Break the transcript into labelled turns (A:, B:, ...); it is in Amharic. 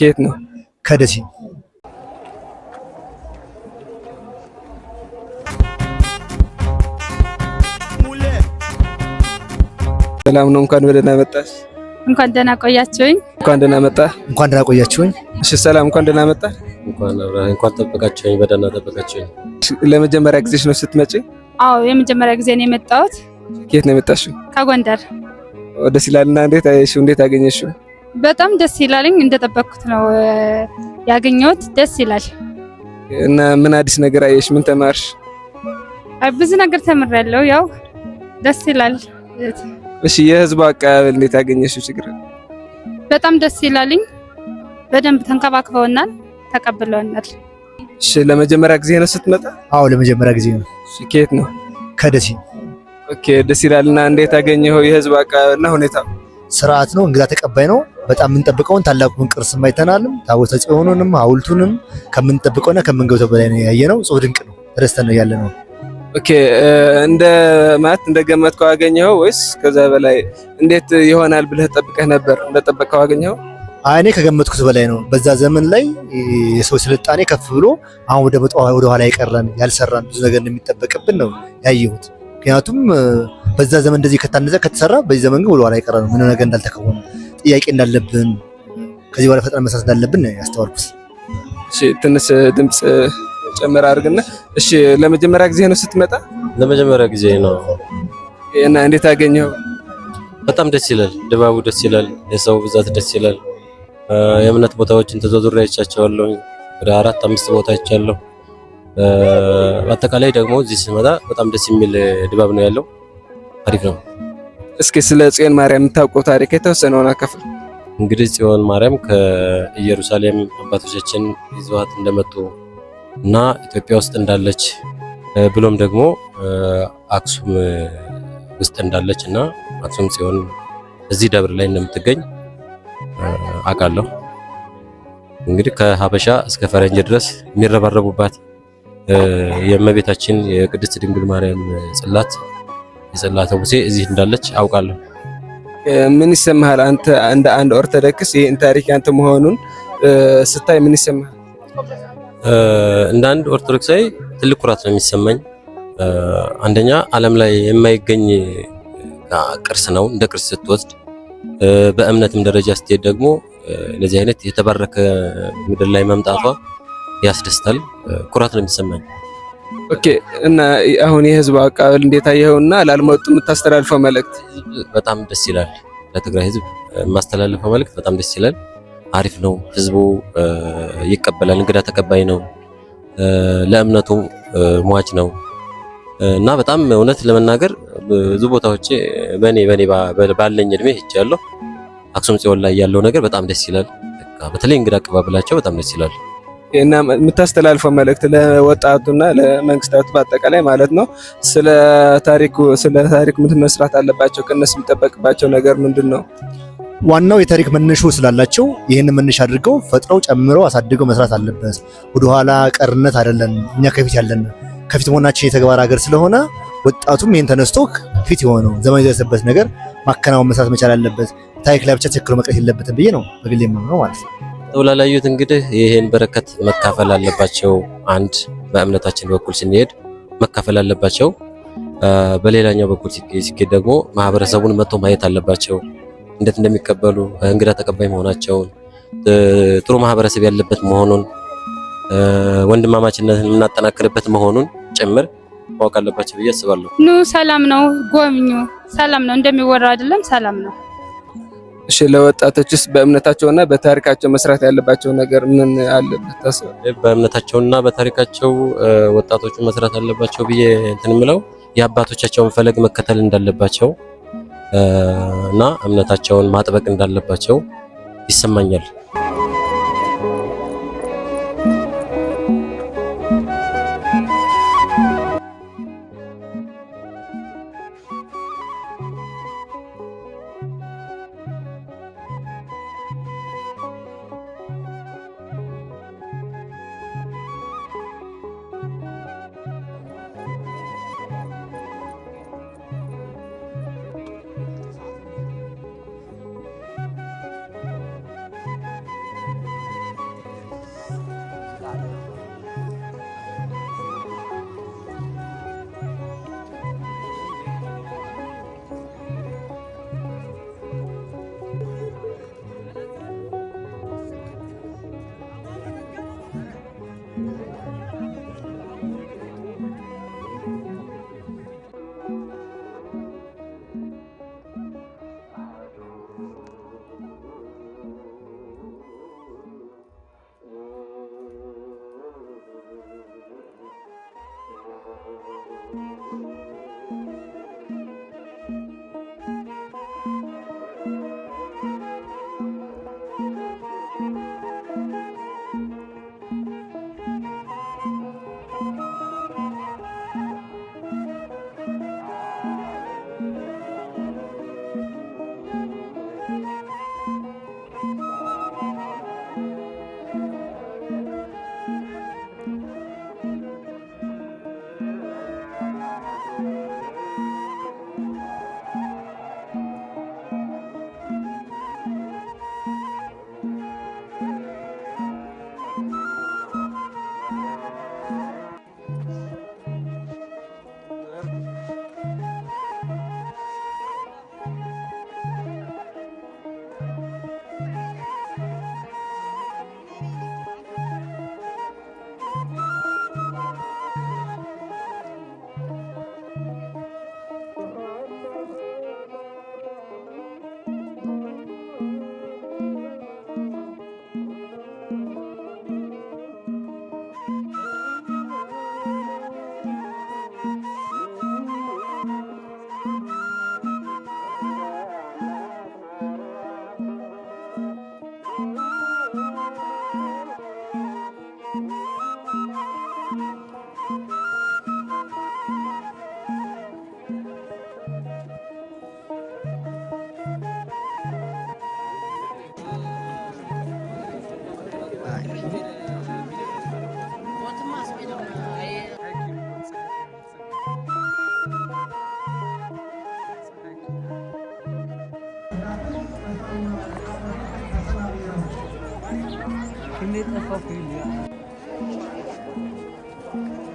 A: ኬት ነው? ከደሴ ሰላም ነው። እንኳን ደህና መጣሽ።
B: እንኳን ደህና ቆያችሁኝ።
A: እንኳን ደህና መጣ።
C: እንኳን ደህና ቆያችሁኝ።
A: እሺ ሰላም፣ እንኳን ደህና መጣ።
D: እንኳን አብራ እንኳን ጠበቃችሁኝ፣ በደህና ጠበቃችሁኝ።
A: ለመጀመሪያ ጊዜሽ ነው ስትመጪ?
B: አዎ የመጀመሪያ ጊዜ ነው የመጣሁት።
A: ከየት ነው የመጣሽው? ከጎንደር ደስ እና እንዴት አየሽው? እንዴት አገኘሽው?
B: በጣም ደስ ይላልኝ። እንደጠበቅኩት ነው ያገኘሁት። ደስ ይላል።
A: እና ምን አዲስ ነገር አየሽ? ምን ተማርሽ?
B: ብዙ ነገር ተምሬያለሁ። ያው ደስ ይላል።
A: እሺ፣ የህዝቡ አቀባበል እንዴት አገኘሽው? ችግር
B: በጣም ደስ ይላልኝ። በደንብ ተንከባክበውናል፣ ተቀብለውናል።
A: እሺ፣ ለመጀመሪያ ጊዜ ነው ስትመጣ?
C: አዎ፣ ለመጀመሪያ ጊዜ ነው። ከየት ነው? ከደሴ
A: ኦኬ፣ ደስ ይላል። እና እንዴት አገኘኸው? የህዝብ አቀባበልና ሁኔታ
C: ስርዓት ነው። እንግዳ ተቀባይ ነው። በጣም የምንጠብቀውን ታላቁን ቅርስ አይተናልም። ታቦተ ጽዮኑንም ሐውልቱንም ከምንጠብቀውና ከምንገብተው በላይ ነው ያየነው። ጽሁ ድንቅ ነው። ተደስተን ነው ያለ ነው።
A: ኦኬ፣ እንደ ማለት እንደ ገመትከው አገኘኸው ወይስ ከዛ በላይ እንዴት ይሆናል ብለህ ጠብቀህ ነበር? እንደጠበቅከው አገኘኸው?
C: አይ እኔ ከገመትኩት በላይ ነው። በዛ ዘመን ላይ የሰው ስልጣኔ ከፍ ብሎ አሁን ወደ ኋላ የቀረን ያልሰራን ብዙ ነገር የሚጠበቅብን ነው ያየሁት። ምክንያቱም በዛ ዘመን እንደዚህ ከታነዘ ከተሰራ በዚህ ዘመን ግን ወደኋላ የቀረ ነው። ምን ነገር እንዳልተከወነ ጥያቄ እንዳለብን ከዚህ በኋላ ፈጥነን መሳት እንዳለብን ያስተዋልኩት።
A: እሺ ትንሽ ድምፅ ጨምር አድርግና። እሺ ለመጀመሪያ ጊዜ ነው ስትመጣ?
D: ለመጀመሪያ ጊዜ ነው።
A: እና እንዴት አገኘው?
D: በጣም ደስ ይላል። ድባቡ ደስ ይላል። የሰው ብዛት ደስ ይላል። የእምነት ቦታዎችን ተዘዙሪያ አይቻቸዋለሁ። ወደ አራት አምስት ቦታ አይቻለሁ። አጠቃላይ ደግሞ እዚህ ስመጣ በጣም ደስ የሚል ድባብ ነው ያለው። አሪፍ ነው።
A: እስኪ ስለ ጽዮን ማርያም የምታውቀው ታሪክ የተወሰነ ሆነ ክፍል
D: እንግዲህ ጽዮን ማርያም ከኢየሩሳሌም አባቶቻችን ይዘዋት እንደመጡ እና ኢትዮጵያ ውስጥ እንዳለች ብሎም ደግሞ አክሱም ውስጥ እንዳለች እና አክሱም ጽዮን እዚህ ደብር ላይ እንደምትገኝ አውቃለሁ። እንግዲህ ከሀበሻ እስከ ፈረንጅ ድረስ የሚረባረቡባት የእመቤታችን የቅድስት ድንግል ማርያም ጽላት የጽላተ ሙሴ እዚህ እንዳለች አውቃለሁ።
A: ምን ይሰማሃል አንተ እንደ አንድ ኦርቶዶክስ ይህን ታሪክ አንተ መሆኑን ስታይ ምን ይሰማሃል?
D: እንደ አንድ ኦርቶዶክሳዊ ትልቅ ኩራት ነው የሚሰማኝ። አንደኛ ዓለም ላይ የማይገኝ ቅርስ ነው እንደ ቅርስ ስትወስድ። በእምነትም ደረጃ ስትሄድ ደግሞ ለዚህ አይነት የተባረከ ምድር ላይ መምጣቷ ያስደስታል፣ ኩራት ነው የሚሰማኝ።
A: ኦኬ እና አሁን የህዝብ አቀባበል እንዴት አየኸውና ላልመጡ የምታስተላልፈው መልእክት?
D: በጣም ደስ ይላል። ለትግራይ ህዝብ የማስተላልፈው መልእክት በጣም ደስ ይላል። አሪፍ ነው። ህዝቡ ይቀበላል። እንግዳ ተቀባይ ነው። ለእምነቱ ሟች ነው እና በጣም እውነት ለመናገር ብዙ ቦታዎች በኔ በኔ ባለኝ እድሜ ሄጃለሁ። አክሱም ጽዮን ላይ ያለው ነገር በጣም ደስ ይላል። በተለይ እንግዳ አቀባበላቸው በጣም ደስ ይላል።
A: እና የምታስተላልፈው መልእክት ለወጣቱና ለመንግስታቱ በአጠቃላይ ማለት ነው ስለ ታሪኩ ስለ ታሪክ ምን መስራት አለባቸው? ከነሱ የሚጠበቅባቸው ነገር ምንድን ነው?
C: ዋናው የታሪክ መነሾ ስላላቸው ይህን መነሻ አድርገው ፈጥረው ጨምረው አሳድገው መስራት አለበት። ወደኋላ ቀርነት አይደለን እኛ ከፊት ያለን ከፊት መሆናችን የተግባር ሀገር ስለሆነ ወጣቱም ይህን ተነስቶ ፊት የሆነው ዘመን የደረሰበት ነገር ማከናወን መስራት መቻል አለበት። ታሪክ ላይ ብቻ ቸክሎ መቅረት የለበትም ብዬ ነው በግሌ የማምነው ማለት ነው።
D: ተውላላዩት እንግዲህ ይህን በረከት መካፈል አለባቸው። አንድ በእምነታችን በኩል ስንሄድ መካፈል አለባቸው። በሌላኛው በኩል ሲኬድ ደግሞ ማህበረሰቡን መጥቶ ማየት አለባቸው። እንዴት እንደሚቀበሉ እንግዳ ተቀባይ መሆናቸውን ጥሩ ማህበረሰብ ያለበት መሆኑን ወንድማማችነትን የምናጠናክርበት መሆኑን ጭምር ማወቅ አለባቸው ብዬ አስባለሁ።
B: ኑ ሰላም ነው ጎብኙ። ሰላም ነው እንደሚወራ አይደለም፣ ሰላም ነው።
A: እሺ ለወጣቶችስ በእምነታቸውና በታሪካቸው መስራት ያለባቸው ነገር ምን አለበት
D: በእምነታቸውና በታሪካቸው ወጣቶቹ መስራት አለባቸው ብዬ እንትን የምለው የአባቶቻቸውን ፈለግ መከተል እንዳለባቸው እና እምነታቸውን ማጥበቅ እንዳለባቸው ይሰማኛል። time. Hindi na